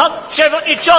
Pan Przewodniczący!